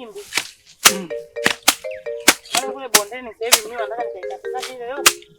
Kimbi. Mm. Wale kule bondeni sasa hivi mimi wanataka nikaikata hiyo yote.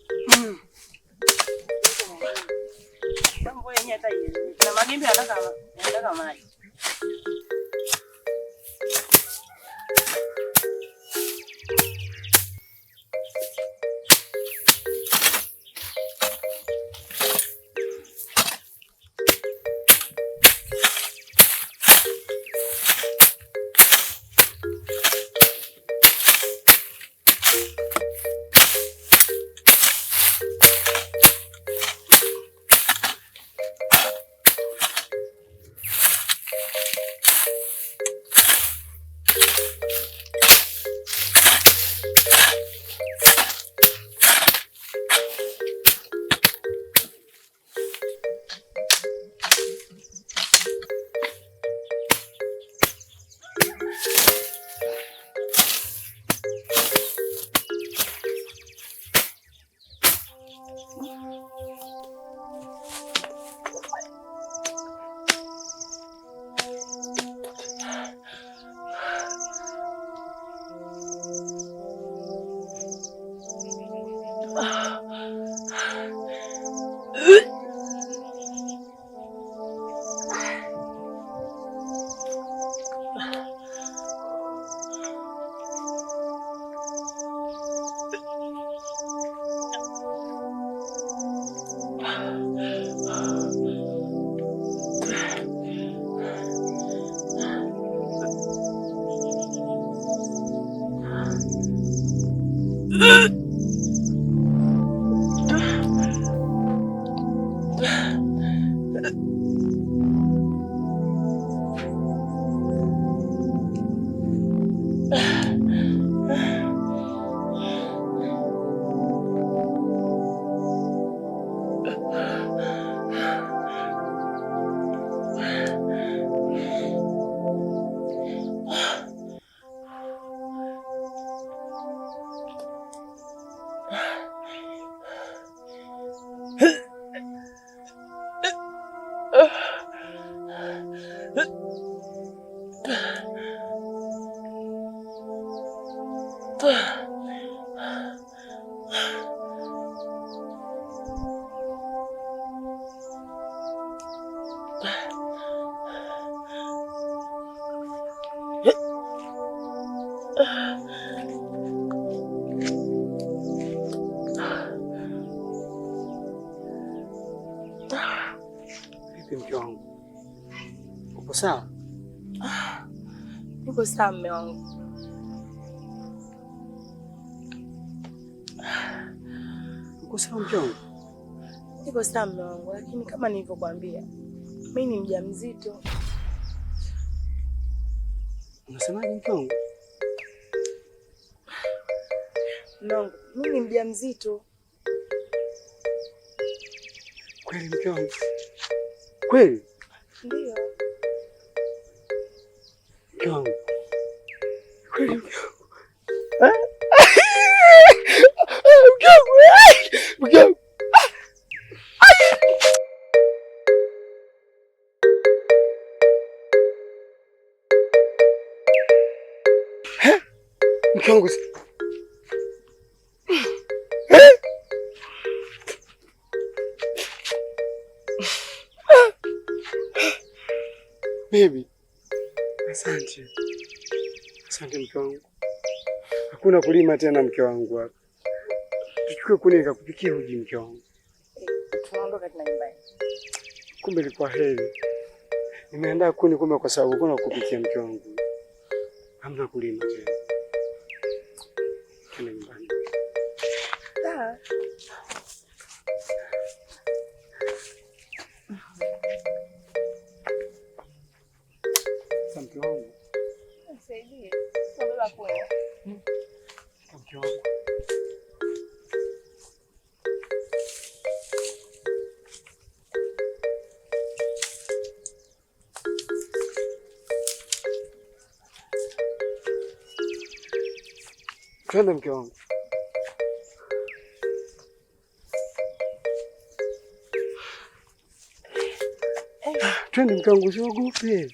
Oh. Vipi mke wangu, uko sawa? Niko sawa mme wangu. Uko sawa mke wangu? Niko sawa mme wangu, lakini kama nilivyokuambia, mi ni mjamzito. Unasemaje mke wangu? No, mimi ni mjamzito. Kweli mke wangu? Kweli? Ndio. Mke wangu. Kweli mke wangu. hakuna kulima tena, mke wangu hapa. Tuchukue kuni nikakupikia uji, mke wangu. Kumbe ilikuwa heri nimeenda kuni, kumbe kwa sababu kuna kupikia, mke wangu. Hamna kulima tena, tena nyumbani. Mke wangu, nisaidie. 기억하고. 네. 저는 경 저는 경고 쇼고 비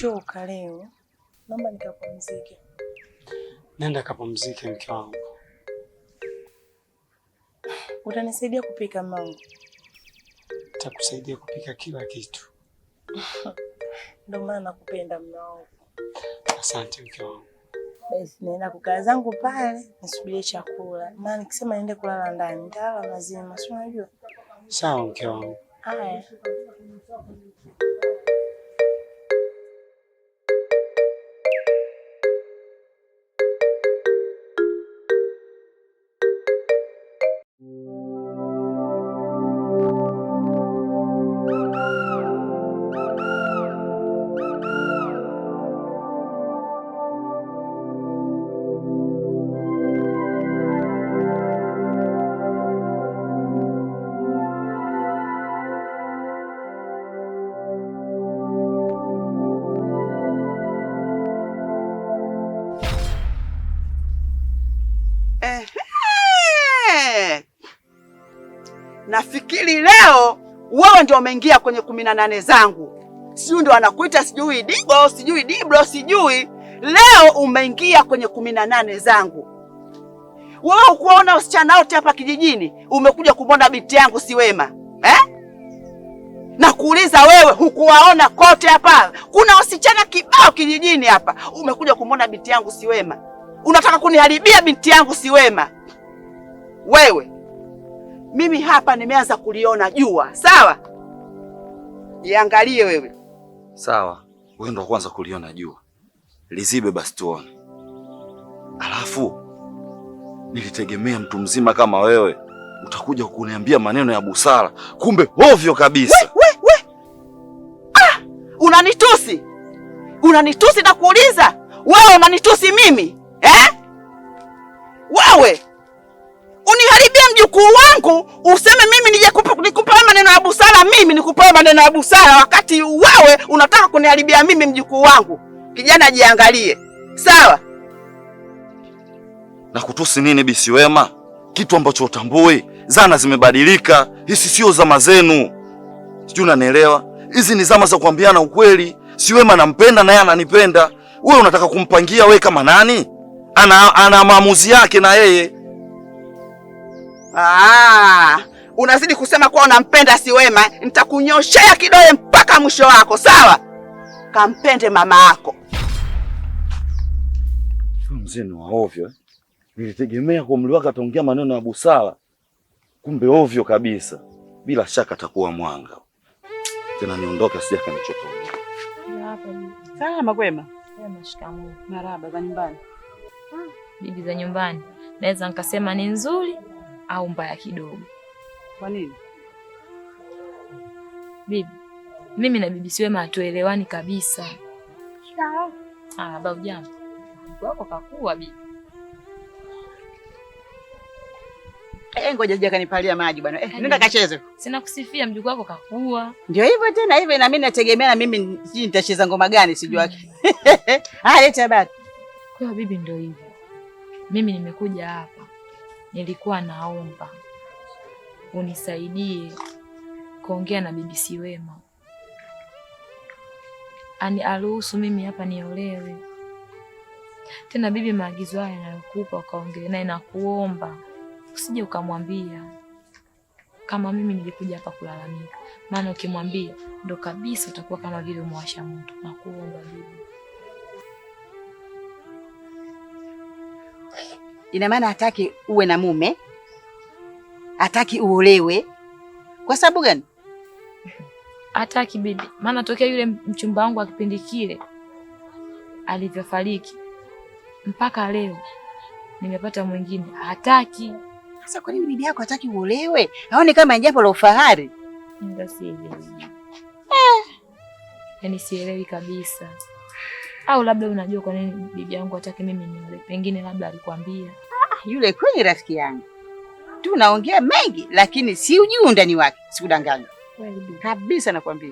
nimechoka leo, naomba nikapumzike. Nenda kapumzike, mke wangu. Utanisaidia kupika mangu? Takusaidia kupika kila kitu. Ndio maana nakupenda mume wangu. Asante mke wangu. Basi naenda kukaa zangu pale nisubirie chakula, maana nikisema niende kulala ndani nitalala mazima, si unajua? Sawa mke wangu. Haya. Ehe. Nafikiri leo wewe ndio umeingia kwenye kumi na nane zangu, sijui ndio anakuita sijui digo sijui diblo sijui, leo umeingia kwenye kumi na nane zangu. Wewe ukuwaona wasichana wote hapa kijijini, umekuja kumwona binti yangu Siwema eh? na kuuliza wewe, hukuwaona kote hapa? Kuna wasichana kibao kijijini hapa, umekuja kumwona binti yangu Siwema. Unataka kuniharibia binti yangu Siwema wewe. Mimi hapa nimeanza kuliona jua, sawa? Iangalie wewe. Sawa, wewe ndo kwanza kuliona jua, lizibe basi tuone. Alafu nilitegemea mtu mzima kama wewe utakuja kuniambia maneno ya busara, kumbe ovyo kabisa. We, we, we. Ah, unanitusi unanitusi na kuuliza wewe, unanitusi mimi eh? Wewe uniharibia mjukuu wangu, useme mimi nije nikupewe maneno ya busara, mimi nikupewe maneno ya busara, wakati wewe unataka kuniharibia mimi mjukuu wangu. Kijana jiangalie sawa? Na kutusi nini bisi Wema, kitu ambacho utambui. Zana zimebadilika, hisi sio zama zenu, sijui unanielewa. Hizi ni zama za kuambiana ukweli. Si Wema nampenda na yeye ananipenda, wewe unataka kumpangia wewe kama nani? ana, ana maamuzi yake na yeye. Ah, unazidi kusema kuwa unampenda si wema, nitakunyoshea kidole mpaka mwisho wako, sawa? Kampende mama yako. Mzee ni waovyo, eh? nilitegemea kwa wake ataongea maneno ya busara, kumbe ovyo kabisa. Bila shaka atakuwa mwanga. Tena niondoke, sija kanichoka. Salama kwema. Maraba za nyumbani hmm, bibi za nyumbani naweza nikasema ni nzuri au mbaya kidogo. Kwa nini bibi? Mimi na bibi Siwema hatuelewani kabisa. Ah, babu jambo wako kakua bibi. Eh, eh ngoja jija kanipalia maji bwana. Eh, nenda kacheze. Sina kusifia mjukuu wako kakua. Ndio hivyo tena hivyo na mimi nategemea na mimi nitacheza ngoma gani sijui mm. Ah, leta bado. Kwa bibi, ndio hivyo. Mimi nimekuja hapa, nilikuwa naomba unisaidie kuongea na bibi Siwema ani aruhusu mimi hapa niolewe. Tena bibi, maagizo haya yanayokupa ukaongee naye na kuomba usije ukamwambia kama mimi nilikuja hapa kulalamika, maana ukimwambia ndo kabisa utakuwa kama vile umewasha moto. Nakuomba bibi. Ina maana hataki uwe na mume, hataki uolewe. Kwa sababu gani hataki bibi? Maana tokea yule mchumba wangu wa kipindi kile alivyofariki mpaka leo nimepata mwingine, hataki. Sasa kwa nini bibi yako hataki uolewe? Aone kama jambo la ufahari. Ndio, sielewi. Eh, Yani sielewi kabisa. Au labda unajua kwa nini bibi yangu atake mimi niole? Pengine labda alikwambia. Ah, yule kweli rafiki yangu, tunaongea mengi lakini si ujui undani wake. Sikudanganya kabisa, nakwambia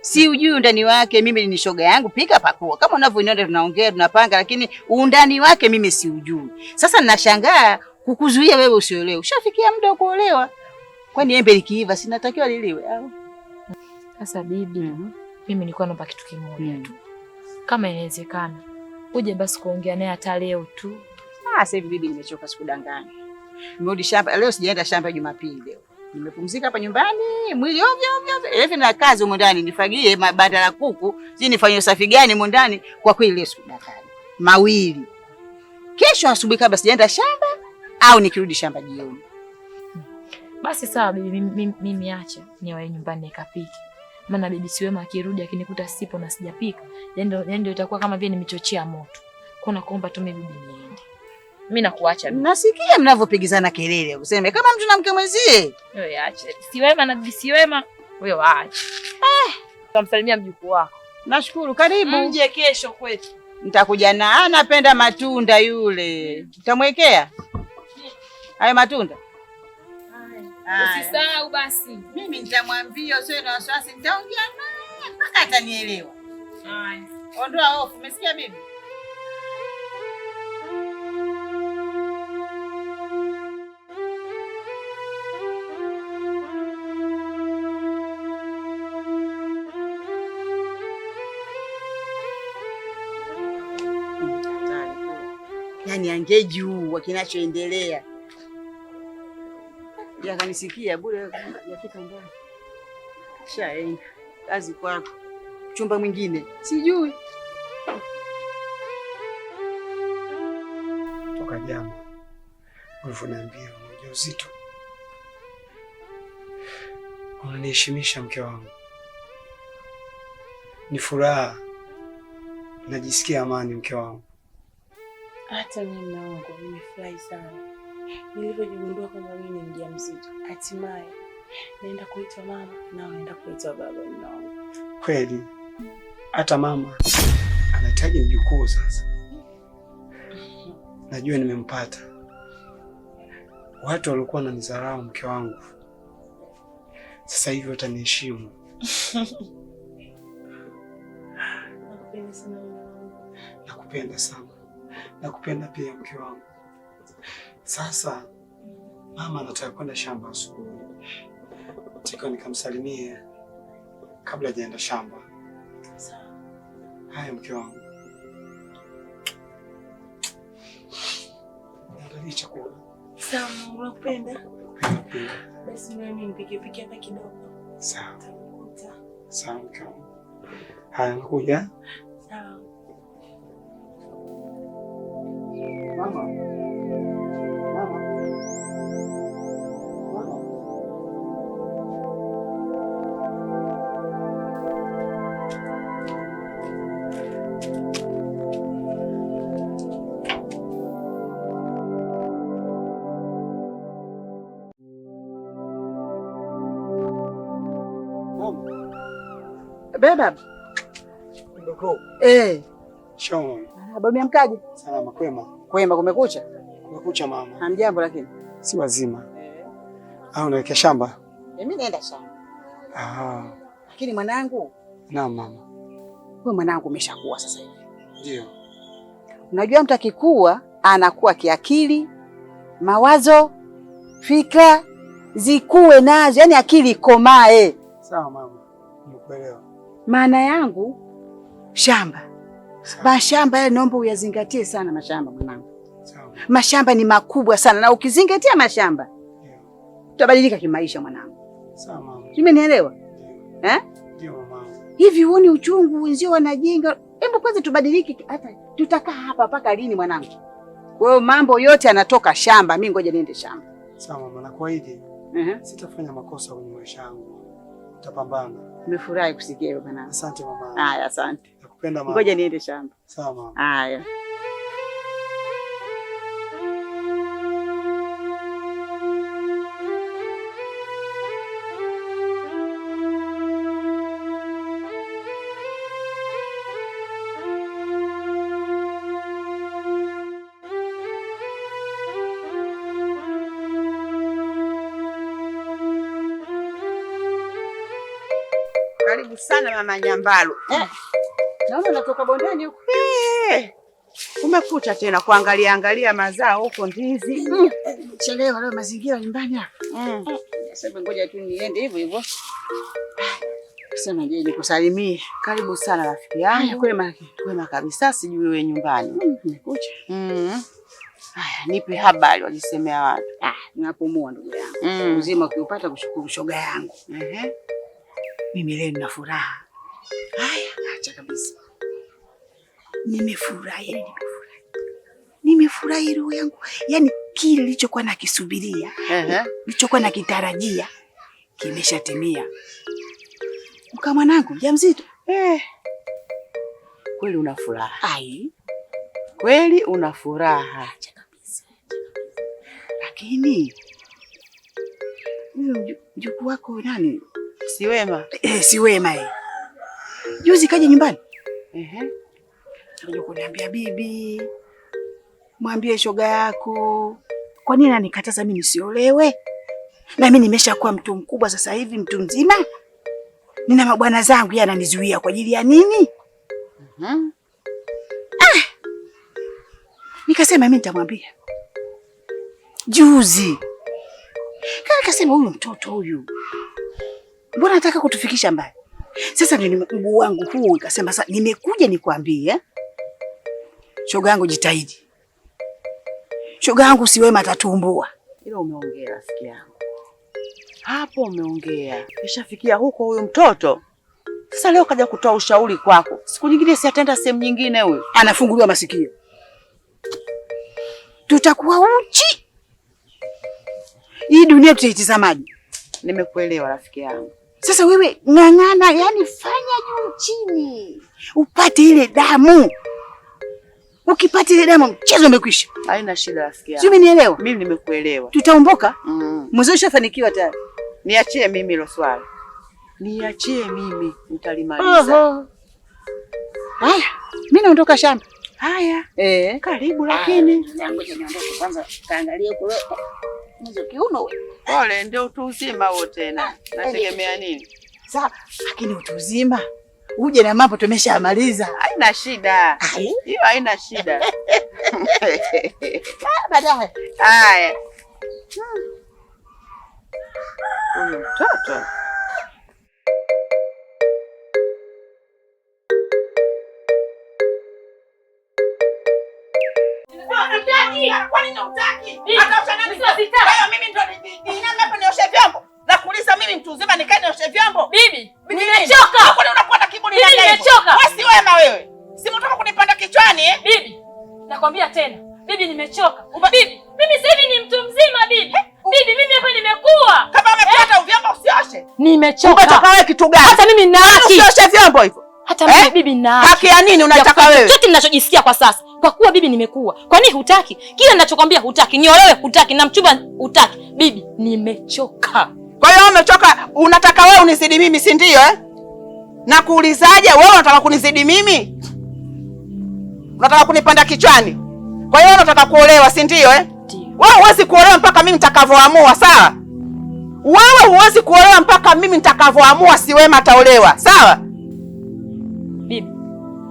si ujui undani wake. Mimi ni shoga yangu, pika pakua, kama unavyoniona, tunaongea tunapanga, lakini undani wake mimi si ujui. Sasa nashangaa kukuzuia wewe usiolewe. Ushafikia muda wa kuolewa, kwani embe likiiva sinatakiwa liliwe au? Sasa bibi, mm -hmm. mimi nilikuwa naomba kitu kimoja mm. tu kama inawezekana uje basi kuongea naye hata leo tu. Ah, sasa hivi bibi, nimechoka sikudanganya. Nimerudi shamba leo, sijaenda shamba Jumapili leo. Nimepumzika hapa nyumbani, mwili ovyo ovyo. Hivi na kazi huko ndani, nifagie mabanda la kuku, sijui nifanye usafi gani huko ndani. Kwa kweli leo sikudanganya. Mawili. Kesho asubuhi kabla sijaenda shamba au nikirudi shamba jioni. Hmm. Basi sawa bibi, mimi acha niwae nyumbani nikapike maana si wema akirudi akinikuta sipo na sijapika, yani yaani ndio itakuwa kama vile nimechochea moto. Kwa kuomba tu mimi bibi niende. Mimi nakuacha bibi. Nasikia mnavyopigizana kelele, useme kama mtu na mke mwenzie. Wewe ache. Si wema na bibisi wema, wewe waache. Eh, tutamsalimia mjukuu wako. Nashukuru, karibu. Mm, mje kesho kwetu. Nitakuja na anapenda matunda yule. Utamwekea? Mm. Mm. Hayo matunda. Usisahau basi. Mimi nitamwambia sio na wasiwasi, nitaongea naye mpaka atanielewa. Haya. Ondoa hofu, umesikia bibi? Yaani ange juu kinachoendelea yakanisikia bure, yafika mbali, shaenda eh, kazi kwako, chumba mwingine sijui. Toka jana ulivyoniambia ujauzito, unaniheshimisha mke wangu, ni furaha, najisikia amani mke wangu. Hata mimi mume nimefurahi sana Nilivyojigundua kwamba mimi ni mjamzito, hatimaye naenda kuitwa mama na naenda kuitwa baba. kweli, hata mama anahitaji mjukuu sasa. Najua nimempata. Watu walikuwa na mke wangu, sasa hivi wataniheshimu. Nakupenda sana, nakupenda pia mke wangu. Sasa mama anataka kwenda shamba asubuhi, takiwa nikamsalimie kabla hajaenda shamba. Haya, mke wangu, niandalie chakula. Sawa, unapenda? Basi mimi nipike pike hapa kidogo. Sawa. Sawa, mke wangu. Haya, nakuja. Sawa. Mama. Wewe baba eh, shomo ah, baba, Salama, kwema. Kwema, kumekucha. Kumekucha mama. Hamjambo lakini si wazima eh. Ah, Au unaelekea shamba? Eh, mimi naenda shamba. Ah. Lakini mwanangu. Naam mama. Wewe mwanangu umeshakuwa sasa hivi. Ndio. Unajua mtu akikua anakuwa kiakili, mawazo, fikra zikuwe nazo, yani akili ikomae. Sawa mama, nimekuelewa maana yangu shamba mashamba yale, yaani naomba uyazingatie sana mashamba mwanangu. Mashamba ni makubwa sana, na ukizingatia mashamba utabadilika kimaisha mwanangu. Sawa mama. Umenielewa eh? Ndio mama. Hivi uoni uchungu wenzio wanajinga? Hebu kwanza tubadilike, hata tutakaa hapa mpaka lini mwanangu? Kwa hiyo mambo yote yanatoka shamba, mimi ngoja niende shamba. Sawa mama, nakuahidi sitafanya makosa kwenye maisha yangu, tutapambana Nimefurahi kusikia hiyo bwana. Asante mama. Haya, asante. Nakupenda mama. Ngoja niende shamba. Sawa mama. Haya. mama Nyambalo, eh. naona natoka bondeni huko eh. umekuta tena kuangalia angalia mazao huko ndizi. Mm. Chelewa leo mazingira nyumbani hapa. Mm. Sasa ngoja tu niende hivyo hivyo. Sema je, nikusalimie. Karibu sana rafiki yangu. Kwema, kwema kabisa, sijui wewe nyumbani. Mm, nimekuja. Mm. Haya, nipe habari walisemea watu. Ah, ninapomua ndugu yangu. Uzima ukiupata kushukuru shoga yangu. Ehe. Mimi leo nina furaha. Haya, acha kabisa. Nimefurahi, yaani nimefurahi, nimefurahi roho yangu. Yaani kile nilichokuwa nakisubiria, nilichokuwa nakitarajia kimeshatimia. Mka mwanangu mjamzito, eh. Kweli una furaha, kweli una furaha, lakini huyo mjukuu wako nani? Siwema, eh, Siwema eh. Juzi kaja nyumbani kuja kuniambia bibi, mwambie shoga yako, kwa nini ananikataza mimi nisiolewe? Na mimi nimeshakuwa mtu mkubwa sasa hivi, mtu mzima, nina mabwana zangu, yeye ananizuia kwa ajili ya nini? Mhm. Ah, nikasema mimi nitamwambia juzi kana, nikasema huyu mtoto huyu mbona anataka kutufikisha mbali sasa ndio mguu wangu huu ikasema sasa nimekuja nikwambie Shoga yangu jitahidi. Shoga yangu siwema atatumbua. Ila umeongea rafiki yangu. Hapo umeongea. Kishafikia huko huyu mtoto. Sasa leo kaja kutoa ushauri kwako. Siku nyingine si ataenda sehemu nyingine huyu. Anafunguliwa masikio. Tutakuwa uchi. Hii dunia maji Nimekuelewa rafiki yangu. Sasa wewe ng'ang'ana, yani fanya juu chini upate ile damu. Ukipata ile damu mchezo umekwisha. Haina shida rafiki yangu. Sijui nielewa. Mimi nimekuelewa. Tutaumbuka? Mm. Mzee ushafanikiwa tayari. Niachie mimi hilo Niachie mimi nitalimaliza. Oho. Haya, mimi naondoka shamba. Haya. Eh, karibu lakini. Ah, Ngoja kwanza kaangalie huko hizo kiuno. Pole, ndio utu uzima huo tena. Ah, eh. Nategemea nini? Sasa lakini utu uzima uje na mambo tumeshamaliza. Haina shida. Hiyo haina shida. Ah, baadaye. Haya. Hmm. mtoto nioshe vyombo na kuuliza mimi mtu mzima nikae nioshe vyombo? Bibi, nimechoka. Unakuwa na kiburi na nimechoka. Wewe si wema wewe. Si kunipanda kichwani eh? Bibi, nakwambia tena. Bibi nimechoka. Bibi, mimi sasa hivi ni mtu mzima bibi. Eh, bibi, mimi hapa nimekuwa. Kama umepata eh? uvyombo usioshe. Nimechoka. Umetoka wewe kitu gani? Hata mimi nina haki. Usioshe vyombo hivyo. Hata eh? mimi eh? Bibi na haki ya nini unataka wewe? Chochote ninachojisikia kwa sasa, kwa kuwa bibi nimekuwa. Kwa nini hutaki? Kile ninachokwambia hutaki, niolewe hutaki, na mchumba hutaki. Bibi nimechoka. Kwa hiyo umechoka, unataka wewe unizidi mimi, si ndio eh? Na kuulizaje wewe unataka kunizidi mimi? Unataka kunipanda kichwani? Kwa hiyo unataka kuolewa, si ndio eh? Ndio. Wewe huwezi kuolewa mpaka mimi nitakavyoamua, sawa? Wewe huwezi kuolewa mpaka mimi nitakavyoamua si Wema ataolewa, sawa?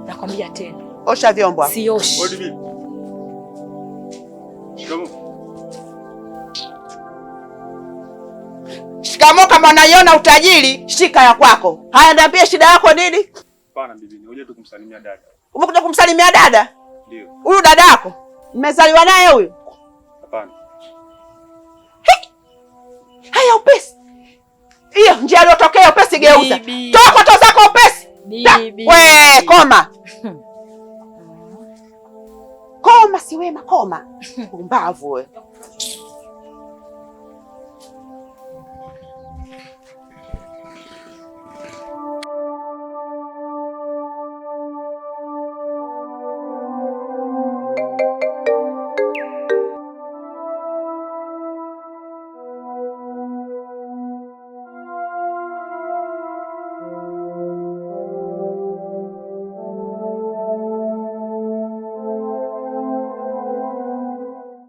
Nakwambia tena, osha vyombo. Sioshi. Shikamo. Kama unaiona utajiri, shika ya kwako. Haya, niambie shida yako nini? Hapana bibi, nimekuja tu kumsalimia dada. Umekuja kumsalimia dada? Ndio. Huyu dada yako mmezaliwa naye huyu? Hapana. Haya, upesi hiyo njia iliyotokea, upesi geuza. Toa koto zako upesi. Bibi. We, koma koma, si wema, koma pumbavu wewe.